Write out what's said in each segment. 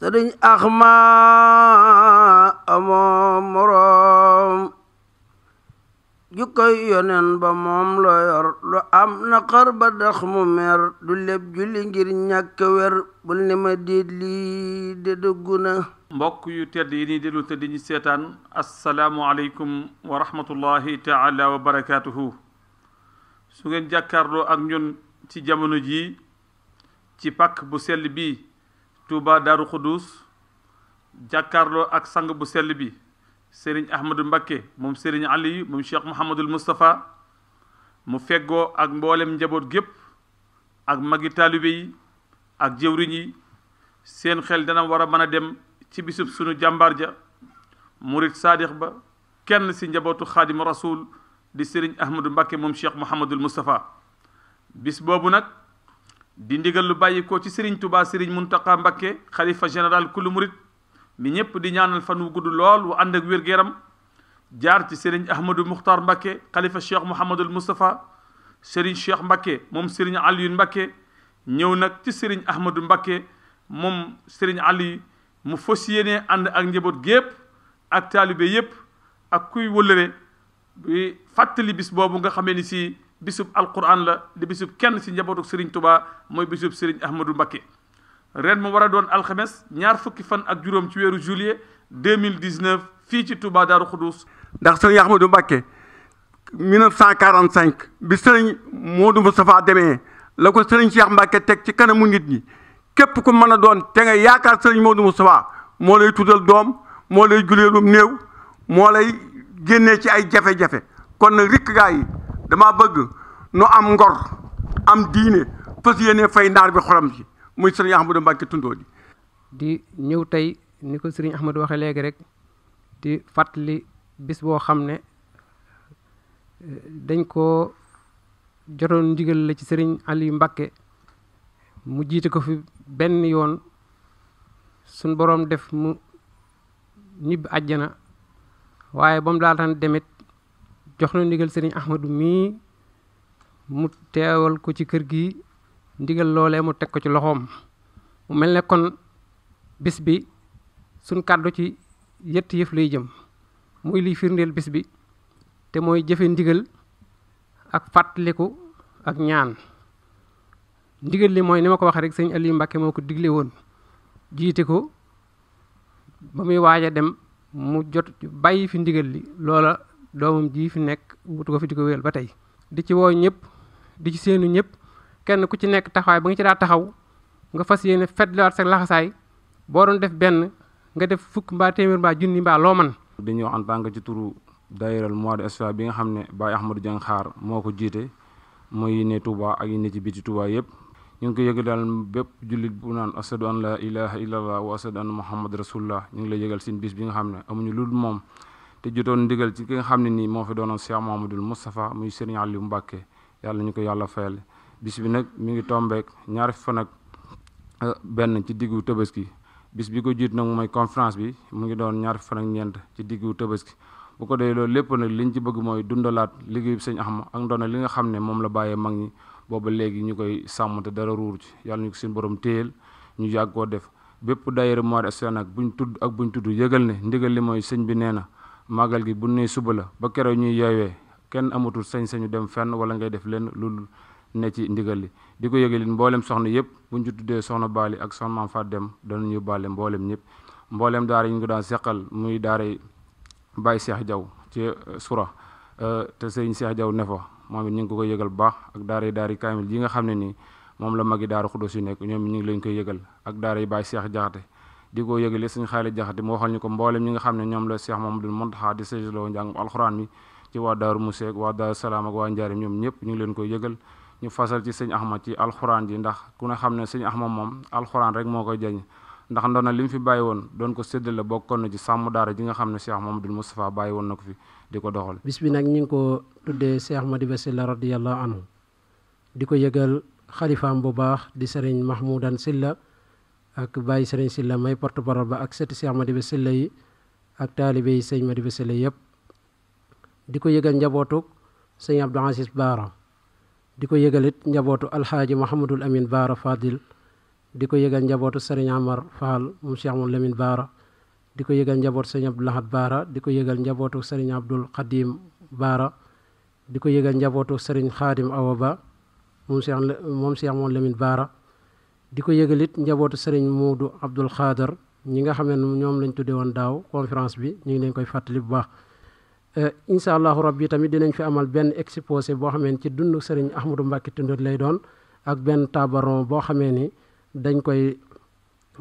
sëriñ axma amoo moroom jukkoy yonen ba moom la yor lu am naqar ba dax mu mer du léb julli ngir ñàkk wer bul ni ma déet lii de dëggu mbokk yu tedd yi ni déglu te di ñu seetaan asalaamualeykum wa rahmatullahi taala wa barakaatuhu su ngeen jàkkaarloo ak ñun ci jamono ji ci pàkk bu sell bii Touba Daaru Xuddus jàkkaarloo ak sang bu sell bi Serigne Ahmadou Mbakke moom Serigne Ali moom Cheikh Mouhamadul Moustapha mu feggoo ak mboolem njaboot gépp ak magi taalibe yi ak jëwriñ yi seen xel dana war a mën a dem ci bisub sunu jàmbaar ja murit saadix ba kenn si njabootu xaadimu rasul di Serigne Ahmadou Mbakke moom Cheikh Mouhamadul mustafa bis boobu nag. di ndigal bàyyi bàyyikoo ci Serigne Touba Serigne Mountakha Mbacké xalifa général kulu murit mi ñëpp di ñaanal fan wu gudd lool wu ànd ak wér jaar ci Serigne Ahmadou Moukhtar Mbacké xalifa Cheikh Mouhamadul Moustapha Serigne Cheikh Mbacké moom Serigne Alioune Mbacké ñëw nag ci Serigne Ahmadou Mbacké moom Serigne Aliou mu fas yéene ànd ak njaboot gépp ak taalibe yépp ak kuy wëllëre fàttali bis boobu nga xamee ni si bisub alquran la di bisub kenn ci njabootu Serigne Touba mooy bisub Serigne Ahmadou Mbacké ren mu war a doon alxemes ñaar fukki fan ak juróom ci weeru juillet 2019 fii ci Touba Daaru Xudus ndax Serigne cent Mbacké 1945 bi Serigne Modou Moustapha demee la ko Serigne Cheikh Mbacké teg ci kanamu nit ñi képp ku mën a doon te nga yaakaar Serigne Modou Moustapha moo lay tuddal doom moo lay juleelum néew moo lay génnee ci ay jafe kon nag yi dama bëgg nu am ngor am diine fas yéene fay ndaar bi xolam ci muy sëriñ Ahmadou Mbacké Tundóo di ñëw tey ni ko sëriñ Ahmadou waxee léegi rek di fàttali bis boo xam ne dañ ko jotoon ndigal la ci sëriñ Aliou Mbacké mu jiite ko fi benn yoon sun boroom def mu ñibbi àjjana waaye ba mu daan demit jox na ndigal sëriñ ahmadu mii mu teewal ko ci kër gi ndigal loole mu teg ko ci loxoom mu mel ne kon bis bi suñ kàddu ci yett yëf lay jëm muy liy firndeel bis bi te mooy jëfe ndigal ak fàttaliku ak ñaan ndigal li mooy ni ma ko waxee rek sëñ Aliou Mbacke moo ko digle woon jiite ko ba muy waaj a dem mu jot bàyyi fi ndigal li loola doomam jii fi nekk wutu ko fi di ko wéyal ba tey di ci woo ñëpp di ci seenu ñëpp kenn ku ci nekk taxawaay ba nga ci daa taxaw nga fas yéene fetliwaat sa laxasaay boo doon def benn nga def fukk mbaa téeméer mbaa junni mbaa loo man dañuy wax tant que ci turu daayira Mouwahidoul Asfiyahi bi nga xam ne Baye Ahmadou Dieng Xaar moo ko jiite mooy yi ne Touba ak yi ne ci biti Touba yëpp ñu ngi ko yëg daal bépp jullit bu naan asadu an la ilaha illallah wa asadu an muhammad rasulullah ñu ngi lay yëgal seen bis bi nga xam ne amuñu lu dul moom te jotoon ndigal ci ki nga xam ne nii moo fi doonoon Cheikh Mouhamadoul Moustapha muy Serigne Aliou Mbacke yàlla ñu ko yàlla fayal bis bi nag mu ngi tombeek ñaari fan ak euh, benn ci diggu tabaski bis bi ko jiit nag mooy conférence bi mu ngi doon ñaari fan ak ñeent ci diggu tabaski bu ko dee loolu lépp nag liñ ci bëgg mooy dundalaat liggéeyu sëñ Axma ak ndono li nga xam ne moom la bàyyee mag ñi booba léegi ñu koy sàmm te dara ruur ci yàlla ñu ko borom téyel ñu yàgg def bépp daayira Mouhaddina nag buñ tudd ak buñ tudd yëgal ne ndigal li sëñ bi nee na màggal gi bu ne suba la ba keroog ñuy yeewee kenn amatul sañ-sañu dem fenn wala ngay def leen lu ne ci ndigal li di ko yëgal mbooleem soxna yëpp bu ñu ci tuddee soxna Baali ak soxna Maam Faat Dem danañu bàlle mboolem ñëpp mboolem daara yi ñu ko daan seqal muy daara Baye Cheikh Diaw ci euh, sura euh, te sëñ Cheikh Diaw ne fa moom it ñu ngi ko ko yëgal baax ak daara daara kaamil yi nga xam ne nii moom la mag yi daara Xuddoos yu nekk ñoom ñu ngi leen koy yëgal ak daara Baye Cheikh Jaxate di ko yëgale suñ xaali jaxati mu waxal ñu ko mboolem ñi nga xam ne ñoom la Cheikh Mamadou Muntaxa di séjaloo njàngum alxuraan mi ci waa Daaru Musse waa Daaru Salaam waa Njaarim ñoom ñëpp ñu ngi leen koy yëgal ñu fasal ci sëñ Ahmad ci alxuraan ji ndax ku ne xam ne sañ Ahmad moom alxuraan rek moo koy jëriñ ndax ndoona li fi bàyyi woon doon ko séddale bokkoon na ci sàmm daara ji nga xam ne Cheikh Mamadou Moustapha bàyyi woon na ko fi di ko doxal bis bi nag ñu ngi ko tuddee Cheikh Ahmadou Bassila radiyallahu anhu di ko yëgal xalifaam bu baax di sëriñ Mahmoudan la ak bàyyi sëriñ Silla may porte parole ba ak sëti Cheikh Madiba Silla yi ak taalibe yi sëñ Madiba di ko yëgal njabootu sëñ Abdou di ko yëgalit njabootu alxaaji Mouhamadul Amin Baara di ko yëgal njabootu sëriñ Amar Fall mu Cheikh Mouhamadul Amin Baara di ko yëgal njabootu sëñ di ko yëgal njabootu sëriñ Abdul Xadim Baara di ko yëgal njabootu sëriñ Xaadim Awa Ba moom Cheikh moom Cheikh Baara di ko yëgalit njabootu sëriñ Muudu Abdul Xaadar ñi nga xam ne ñoom lañ tudde woon daaw conférence bi ñu ngi leen koy fàttali bu baax eh, incha allahu rabbi tamit dinañ fi amal benn exposé boo xamee ni ci dund sëriñ Ahmadou Mbacke Tindodi lay doon ak benn tabaron boo xamee ni dañ koy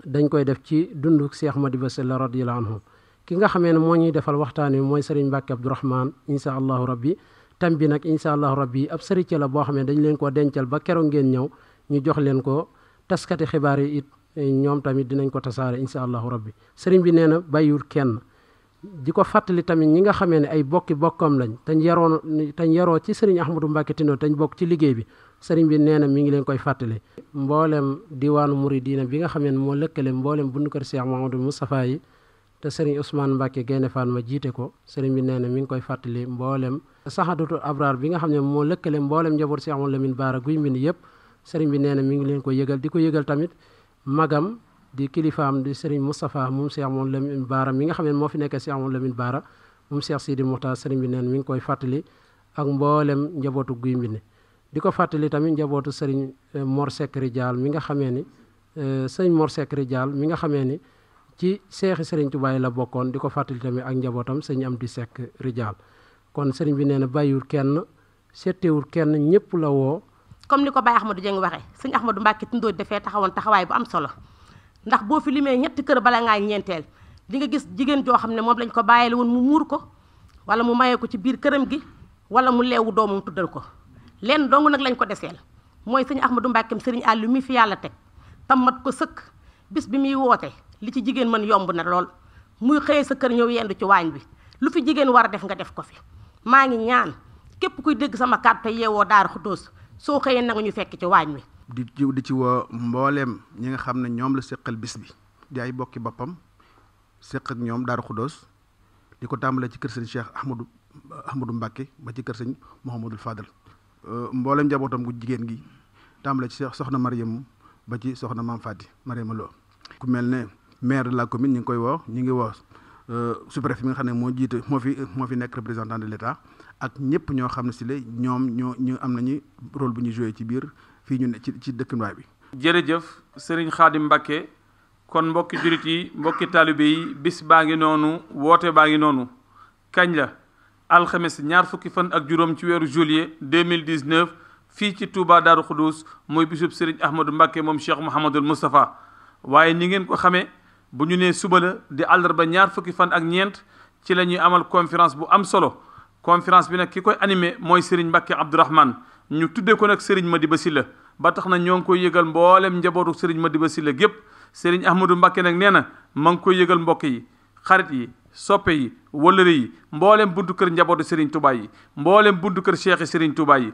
dañ koy def ci dund Cheikh Madi Basila radiyallahu anhu ki nga xamee ne moo ñuy defal waxtaan wi mooy sëriñ Mbacke Abdourahman incha allahu rabbi tam bi nag incha allahu rabbi ab sëriñ la boo xam ne dañ leen koo dencal ba keroog ngeen ñëw ñu jox leen ko taskati xibaar yi it eh, ñoom tamit dinañ ko tasaare incha allahu rabbi sëriñ bi nee na bàyyiwul kenn di ko fàttali tamit ñi nga xamee ne ay bokki bokkam lañ tañ yaroon tañ yaroo ci sëriñ Ahmadou Mbacke Tindo tañ bokk ci liggéey bi sëriñ bi nee na mi ngi leen koy fàttali mboolem diwaanu muridina bi nga xamee ne moo lëkkale mboolem bundu kër Cheikh Mahamadou Moustapha yi te sëriñ Ousmane Mbacke Gaynde Fatma jiite ko sëriñ bi nee na mi ngi koy fàttali mboolem saxadatu abraar bi nga xam ne moo lëkkale mboolem njaboot Cheikh la Lamine Bara Guy Mbind yëpp sëriñ bi nee na mi ngi leen ko yëgal di ko yëgal tamit magam di kilifaam di sëriñ Moustapha moom Cheikh Mouhamadou Lamine Bara mi nga xam ne moo fi nekkee Cheikh Mouhamadou Lamine Bara moom Cheikh Sidi Moukhtar sëriñ bi nee na ngi koy fàttali ak mboolem njabootu guy di ko fàttali tamit njabootu sëriñ eh, Mor Sekri mi nga xamee ni eh, sëriñ Mor Sekri mi nga xamee ni ci seexi sëriñ Tuubaa yi la bokkoon di ko fàttali tamit ak njabootam sëriñ Amdi Sekri Dial kon sëriñ bi nee na bàyyiwul kenn settewul kenn ñëpp la woo comme ni ko Baye Ahmadou Dieng waxee sëñ Ahmadou Mbacke Tindóo dafee taxawoon taxawaay bu am solo ndax boo fi limee ñetti kër bala ngaa ñeenteel di nga gis jigéen joo xam ne moom lañ ko bàyyile woon mu muur ko wala mu maye ko ci biir këram gi wala mu leewu doomam tuddal ko lenn dong nag lañ ko deseel mooy sëñ Ahmadou Mbackeem sëriñ àllu mi fi yàlla teg tammat ko sëkk bis bi muy woote li ci jigéen mën yomb na lool muy xëyee sa kër ñëw yendu ci waañ bi lu fi jigéen war a def nga def ko fi maa ngi ñaan képp kuy dégg sama kàddu te yeewoo Daaru Xuddoos soo xëyee nangu ñu fekk ci waañ wi di ci di ci woo mbooleem ñi nga xam ne ñoom la séqal bis bi di ay bokki boppam séq ak ñoom Daaru Xuddoos di ko tàmbalee ci kër sëñ Cheikh Ahmadou Ahmadou Mbacke ba ci kër sëñ Mouhamadul Fadal euh, mbooleem njabootam gu jigéen gi tàmbalee ci soxna Mariam ba ci soxna Maam Fati Mariama Lo ku mel ne maire de la commune ñu ngi koy woo ñu ngi woo Euh, sous-préfet bi nga xam ne moo jiite moo fi moo fi nekk représentant de l'État ak ñëpp ñoo xam ne si la ñoom ñoo ñu am na nañu rôle bu ñuy joué ci biir fii ñu ne ci ci dëkkanwaay bi. jërëjëf Serigne Khadim Mbacké kon mbokki jurit yi mbokki taalibe yi bis baa ngi noonu woote baa ngi noonu kañ la alxames ñaar fukki fan ak juróom ci weeru juillet 2019 fii ci Touba Darou Khoudoss mooy bisub Serigne Ahmadou mbakke moom Cheikh Mouhamadul Moustapha waaye ñi ngeen ko xamee. bu ñu nee suba la di ba ñaar fukki fan ak ñeent ci la ñuy amal conférence bu am solo conférence bi nag ki koy animé mooy Serigne Mbacke Abdourahmane ñu tuddee ko nag Serigne Madiba Sylla ba tax na ñoo ngi koy yëgal mbooleem njabootu Serigne Madiba Sylla gépp Serigne Ahmadou Mbacke nag nee na ma ngi koy yëgal mbokk yi xarit yi soppe yi wëllëre yi mboolem buntu kër njabootu Serigne Touba yi mboolem buntu kër cheikh Serigne Touba yi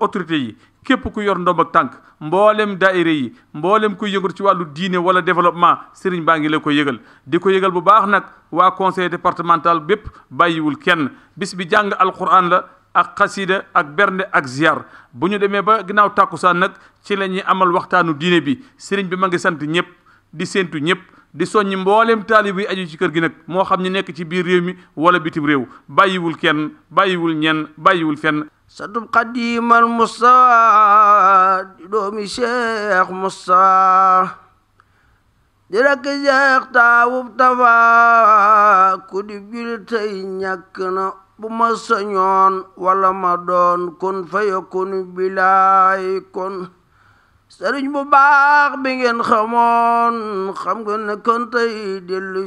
autorité yi képp ku yor ndomb ak tànk mbooleem daayira yi mboolem kuy yëngu ci wàllu diine wala développement sëriñ baa ngi la ko yëgal di ko yëgal bu baax nag waa conseil départemental bépp bàyyiwul kenn bis bi jàng alquran la ak xasida ak bernde ak ziar bu ñu demee ba ginnaaw tàkkusaan nag ci la ñuy amal waxtaanu diine bi sëriñ bi ma ngi sant ñëpp di séentu ñëpp di soññi mboolem taalib yi aju ci kër gi nag moo xam ñu nekk ci biir réew mi wala bitim réew bàyyiwul kenn bàyyiwul ñenn bàyyiwul fenn satum xadimal mustawa di doomi cheikh mustawa di rakk jeex taawub tafa ku di jul tey ñàkk na bu ma soñoon wala ma doon kon faya kon bilaay kon sëriñ bu baax bi ngeen xamoon xam nga ne kon tey dellu